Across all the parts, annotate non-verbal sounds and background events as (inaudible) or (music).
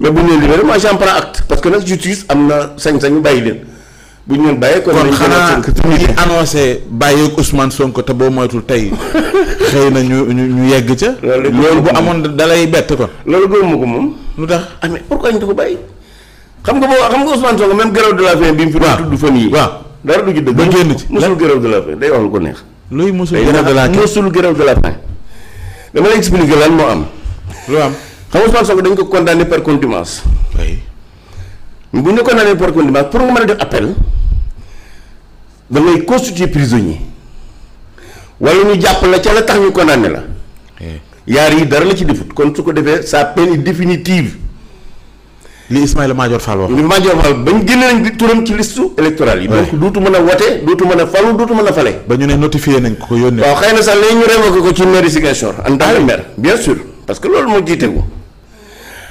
mais bu ñu leen libéré moi j'en prends acte parce que nag justice am na sañ-sañu bàyyi leen bu ñu leen bàyyee. kon xanaa ñi annoncé bàyyi Ousmane Sonko te boo moytul tey (laughs) xëy na ñu ñu yegg ca. loolu bu amoon dalay bett kon. loolu gëmuma ko moom. lu tax ah mais pourquoi ko bàyyi. xam nga boo xam nga Ousmane Sonko même grève de la faim bi mu fi. waaw tudd fan yii. waaw dara du ci dëgg. génn ci la faim day wax lu ko neex. luy mosul grève de la faim mosul grève la moo am. lu am. xam nga Ousmane Sonko dañ ko condamné par contumace. oui bu ñu condamné par contumace pour nga mën a def appel da ngay constituer prisonnier wala ñu jàpp la ca la tax ñu condamné la. yaar yi dara la ci defut kon su ko defee sa peine est définitive. li Ismaïla Madior Fall wax. li Madior Fall nañ di turam ci liste électorale yi. donc dootu mën a wote dootu mën a falu dootu mën a fale. ba ñu ne notifié nañ ko yónnee. waaw xëy na sax léegi ñu révoqué ko ci mairie Ziguinchor ah en tant que loolu moo jiite ko.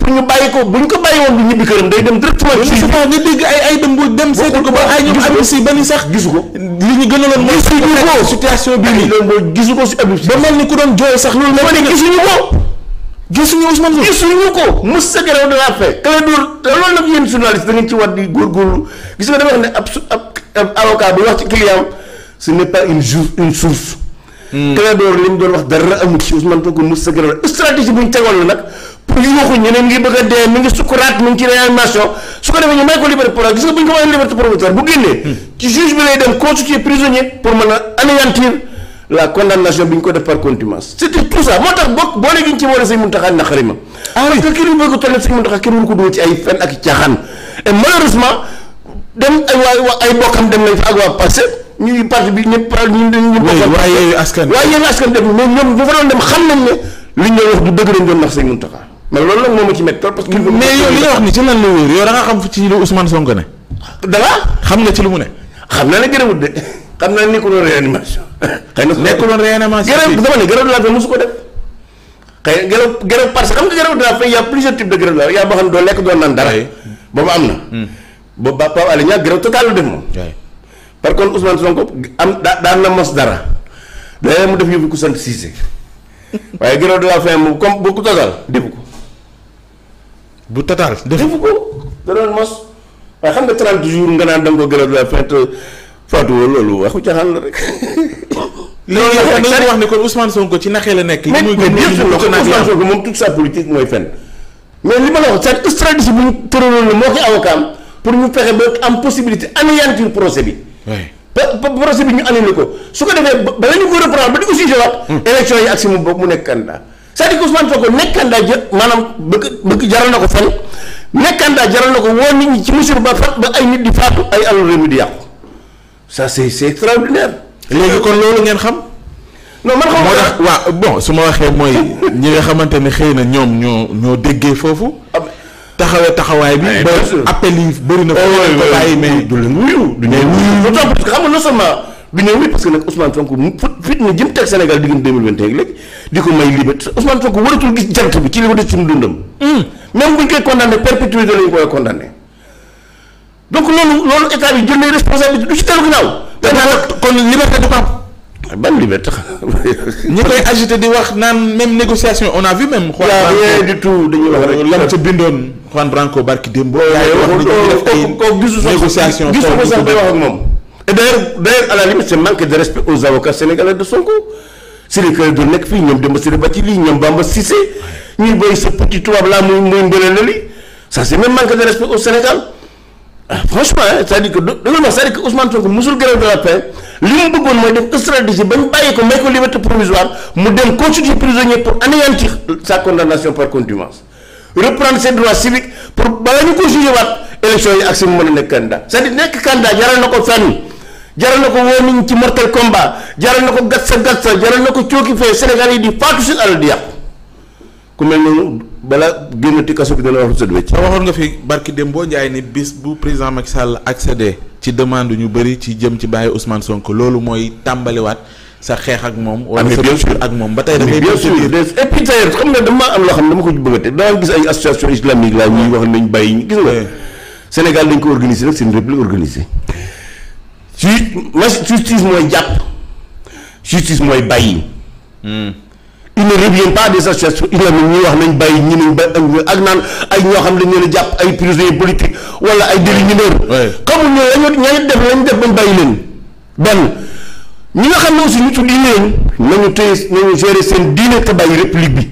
pour ñu bàyyi ko bu ñu ko bàyyi woon du ñibbi këram day dem directement. ci nga dem bu dem seeti ko ba ay ñoom am si ba sax gisu ko li ñu gënaloon mooy gisu ko situation bii nii loolu mooy gisu ko si abib mel ni ku doon jooy sax loolu ma ne gisuñu ko gisuñu Ousmane ko mos sa grève de loolu nag yéen journaliste da ngeen ci war di góorgóorlu gis nga dama wax ne ab su ab avocat bu wax ci client ce n'est pas une jour une source Clédor hmm. li mu doon wax dara amu ci Ousmane Sonko mos sa grève stratégie bu tegoon la nag pour ñu waxuñ ñu ne ngi bëgg a dee mi ngi sukkuraat mi ngi ci réanimation su ko defee ñu may ko liberté provisoire bu génnee hmm. ci juge bi lay dem constituer prisonnier pour mën a anéantir la condamnation bi ñu ko def par contumace c'était tout ça moo tax bokk boole gi ñu ci boole sëñ Muntaxa naqari ma ah parce que kenn bëgg ko toll sëñ Muntaxa kenn mënu ko dugal ci ay fen ak caaxaan malheureusement dem ay waay wa ay bokkam dem nañ fa ak waa passé ñu ñu mais loolu nag moom ma ci métti trop parce que. mais yow li xam ci lu Ousmane Sonko ne. da xam nga ci lu mu ne. xam naa ne gërëmut de xam naa ne nekkul woon réanimation. xëy na nekkul woon réanimation. gërëm dama ne gërëm de la fay mosu ko def. xëy na gërëm gërëm parce que xam nga gërëm de la fay y' a plusieurs types de de la fay y' a boo xam ne doo lekk doo naan dara. boobu am na. Hmm. boobu ba Pape Alé Niang gërëm total lu def moom. par contre Ousmane am daa daan na mos dara. da mu def yóbbu ku sant Cissé (laughs) waaye gërëm de la fay moom comme bu ko togal defu ko bu total defu ko da doon mos waaye xam nga 30 jours nga naan da nga ko gërëm la fête Fatou loolu waxu caaxaan la rek. loolu (coughs) la ci naxee la nekk. li muy gën Ousmane Sonko moom toute sa politique mooy fen mais li ma la wax cette stratégie bu la moo ko avocat am pour ñu fexe ba am possibilité anéantir procès bi. waaw procès bi ñu annulé ko su ko defee ba la ñu ko reprendre ba di ko jugé waat. Hmm. élection yi ak si mu bokk mu nekk candidat. c'est-à-dire que Ousmane Sonko nekkandaa jë maanaam bëgg bëgg jaral na ko fen nekkandaa jaral na ko woo nit ñi ci musiba ba fat ba ay nit di faatu ay alal réew mi di yàqu ça c'est extraordinaire. léegi kon loolu ngeen xam. non man xam moo tax waaw bon su ma waxee mooy ñi nga xamante ne xëy na ñoom ñoo ñoo déggee foofu. Ah, taxawee taxawaay bi. ba appel yi bëri na. Oh, ko bàyyi mais du leen wuyu. du leen wuyu lu topp parce que xam nga non du ñëw rek parce que nag Ousmane Sonko fit na jëm teg Sénégal diggante 2021 léegi di ko may liberté Ousmane Sonko waratul gis jant bi ci li ko def suñu dundam. Hmm. même bu ñu koy condamné perpétuité la ñu koy condamné. donc loolu loolu état bi jël na responsabilité du ci dellu ginnaaw. daanaka kon liberté du ko am. ban liberté xam (laughs) ñi koy agité di wax naan même négociation on a vu même. Juan Branco du tout dañuy wax rek lam ca bindoon Juan Branco barki démb. waaw waaw waaw kooku kooku gisu sax négociation. gisu ko sax bay wax ak moom. et d'ailleurs d'ailleurs à la limite c'est manque de respect aux avocats sénégalais de Sonko Ciré Clédor nekk fii ñoom Demba Ciré Bathily ñoom Bamba Cissé ñuy béy sa petit tubaab laa muy muy mbële li ça c'est même manque de respect au Sénégal ah, franchement c'est-à-dire que da nga wax c'est-à-dire que Ousmane Sonko musul grève de la faim li mu bëggoon mooy def stratégie ba ñu bàyyi ko may ko liberté provisoire mu dem constituer prisonnier pour anéantir sa condamnation par contumace reprendre ses droits civiques pour bala ñu ko jugé waat élection yi ak si mu mën a nekk candidat c'est-à-dire nekk candidat jaral na ko fenn. jaral na ko woo nit ci mortel combat jaral na ko gatsa gatsa jaral na ko cooki fee Sénégal yi di faatu seen alal di yàqu ku mel noonu bala génnati kaso bi dana wax lu sedd wecc dem boo njaay ni bis bu président Macky ci demande ñu bëri ci jëm ci bàyyi Ousmane sonk loolu mooy tàmbaliwaat sa xeex ak moom. wala ah, sa rupture ak moom ba tey dafay. bien sûr et puis xam nga dama am loo xam ne dama ko bëgg a teg dama gis ay association islamique la ñuy wax nañ bàyyi gis nga Sénégal dañ ko organiser rek seen république justice mooy jàpp justice mooy bàyyi. Hmm. il ne revient pas des associations islamiques ñuy wax nañ bàyyi ñi nañ bàyyi ak naan ay ñoo xam ne dañ leen jàpp ay prisonniers politiques wala ay délit mineur comme ñooñu ñooñu def lañ def bañ bàyyi leen benn ñi nga xam ne aussi ñu tudd leen nañu téye nañu gérer seen diine te bàyyi république bi.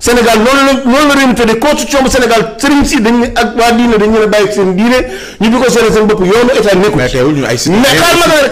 Sénégal loolu la loolu la réew mi tëddee constitution bu Sénégal sëriñ si dañ ak waa diine dañ leen a bàyyi seen diine ñu di ko sori seen bopp yoonu état nekkul. mais mais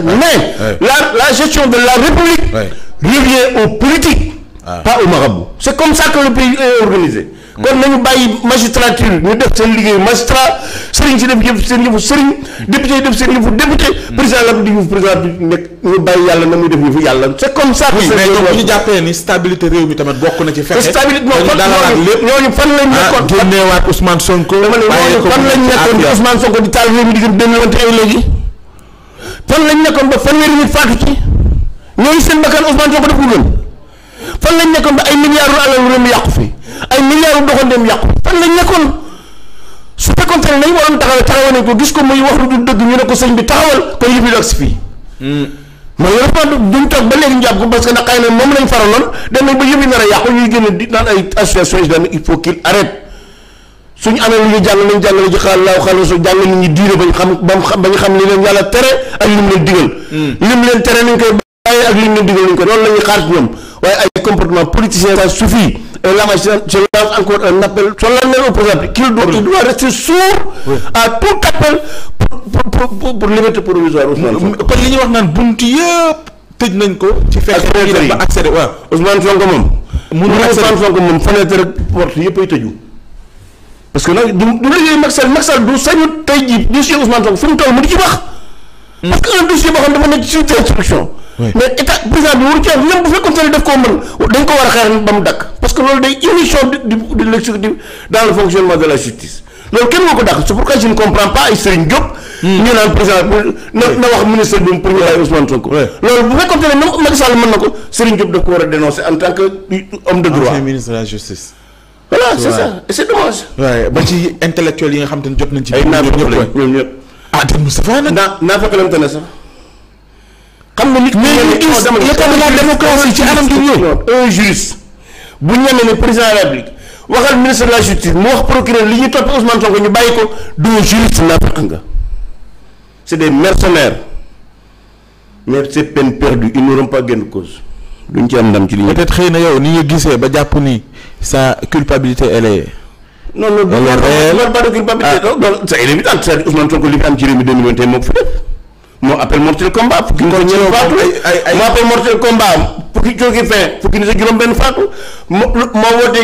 ma rek la gestion de la république. revient aux politiques. Ah. pas aux marabouts. c' comme ça que le pays est organisé. Mm. kon nañu bàyyi magistrature ñu def seen liggéeyu magistrat. sëriñ si def yëf seen yëfu sëriñ député yi def seen yëfu député président la di yëfu président bi nekk ñu bàyyi yàlla na muy def yëfu yàlla c'est comme ça mais ñoom bu ñu jàppee ni stabilité réew mi tamit bokk na ci fexe stabilité moom ñooñu fan lañ ah, nekkoon génneewaat Ousmane Sonko dama ne ñooñu fan lañ nekkoon di Ousmane Sonko di taal réew mi di gën deux mille vingt et un léegi fan lañ nekkoon ba fanweeri nit faatu ci ñooñu seen bakkan Ousmane Sonko def ko gën fan lañ nekkoon ba ay milliards alal réew mi yàqu fi ay milliards doxandeem yàqu fan lañ nekkoon su fekkoon ne nañu waroon taxawee taxawee nañ ko gis ko muy wax lu du dëgg ñu ne ko sëñ bi taxawal kon yëpp yi doog si fii. man hmm. ba léegi ñu jàpp ko parce que nag moom lañ faraloon dem nañ ba yëpp yi nar a yàqu ñuy génn di naan ñu jàng nañ jàngale ji xaal laaw xaal su jàng nit ñi diine bañ xam ba xam bañ xam li leen tere ak lim leen digal. Hmm. lim leen tere nañ koy bàyyee ak lim loolu la ñuy xaar ñoom waaye ay comportement politicien ça suffit et là ma je lance encore un appel solennel au qu'il doit il doit rester tout appel pour liberté provisoire Ousmane kon li ñuy wax naan bunt yëpp tëj nañ ko ci fekkee ñu ba accéder waaw Ousmane Sonko moom mënu Ousmane Sonko moom fenêtre rek porte yëpp ay tëju que nag du du liggéey tey jii dossier Ousmane Sonko fu mu toll mu di ci wax mm. parce que un boo xam dafa nekk ci instruction mais état président bi waru ci am même bu fekkoon ne daf koo mën dañ ko war a xeex ba mu dakk parce que loolu day émission du du l'exécutif dans le fonctionnement de la justice loolu kenn moo ko dàq c'est pourquoi je ne comprends pas ay Serigne Diop. Hmm. ñu ne même Macky na ko Serigne Diop daf ko war a dénoncer en tant que euh, homme de droit ministre la justice. voilà c'est ça c'est dommage. waaye ba ci intellectuels yi nga xam te jot nañ ci. naa naa fekk sax. xam nga nit ki mais la démocratie ci anam du ñëw un juriste bu ñemee ne président de la République waxal ministre de la justice mu wax procureur li ñuy topp Ousmane Sonko ñu bàyyi ko doo juriste naafaq nga c'est des mercenaires mais c'est peine perdue ils n'auront pas gain de cause duñ ci am ndam ci li ñu. peut-être xëy na yow ni ñu gisee ba jàpp ni sa culpabilité elle est. non non du loolu loolu bari culpabilité. ah loolu c'est inévitable c'est-à-dire Ousmane Sonko li fi am ci réew mi 2021 moo ko fi def. moo appel mortel combat fukki nit ñëw faatu moo appel mortel combat fukki jóge fin fukki nit a juróom benn faatu moo woote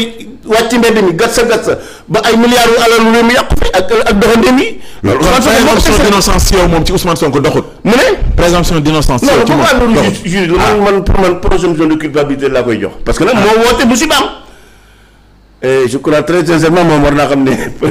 wàcc mbedd mi gatsa gatsa ba ay milliards yu alal réew mi yàqu fi ak ak doxandeem yi moom ci Ousmane Sonko doxut mu ne présomption d'innocence yow ci moom doxut juge man man pour man présomption de culpabilité laa koy jox parce que nag bu si baam je crois moom war naa xam ne